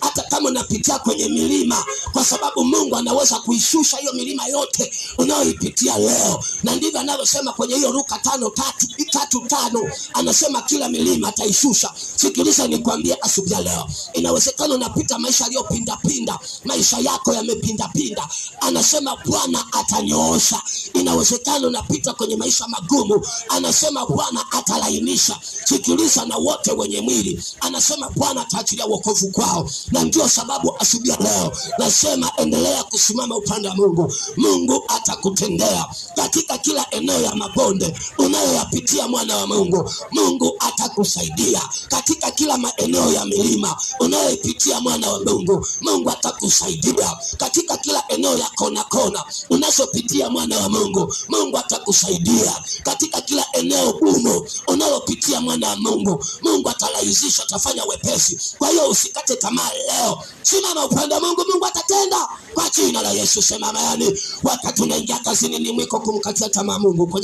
hata kama unapitia kwenye milima, kwa sababu Mungu anaweza kuishusha hiyo milima yote unayoipitia leo, na ndivyo anavyosema kwenye hiyo ruka tano tatu, tatu tano, anasema kila milima ataishusha. Sikiliza nikwambie asubuhi leo, inawezekana unapita maisha aliyopindapinda maisha yako yamepindapinda, anasema Bwana atanyoosha. Inawezekana unapita kwenye maisha magumu, anasema Bwana atalainisha. Sikiliza, na wote wenye mwili, anasema Bwana ataachilia wokovu kwa kwao, na ndio sababu asubuhi ya leo nasema endelea kusimama upande wa Mungu. Mungu atakutendea katika kila eneo ya mabonde unayoyapitia, mwana wa Mungu. Mungu atakusaidia katika kila maeneo ya milima unayoipitia, mwana wa Mungu. Mungu atakusaidia katika kila eneo ya kona kona unazopitia, mwana wa Mungu. Mungu atakusaidia katika kila eneo gumu unalopitia, mwana wa Mungu. Mungu atarahisisha, atafanya wepesi. Kwa hiyo usikate tamaa leo, simama upande wa Mungu. Mungu atatenda kwa jina la Yesu. Sema maana wakati unaingia kazini, ni mwiko kumkatia tamaa Mungu kwenye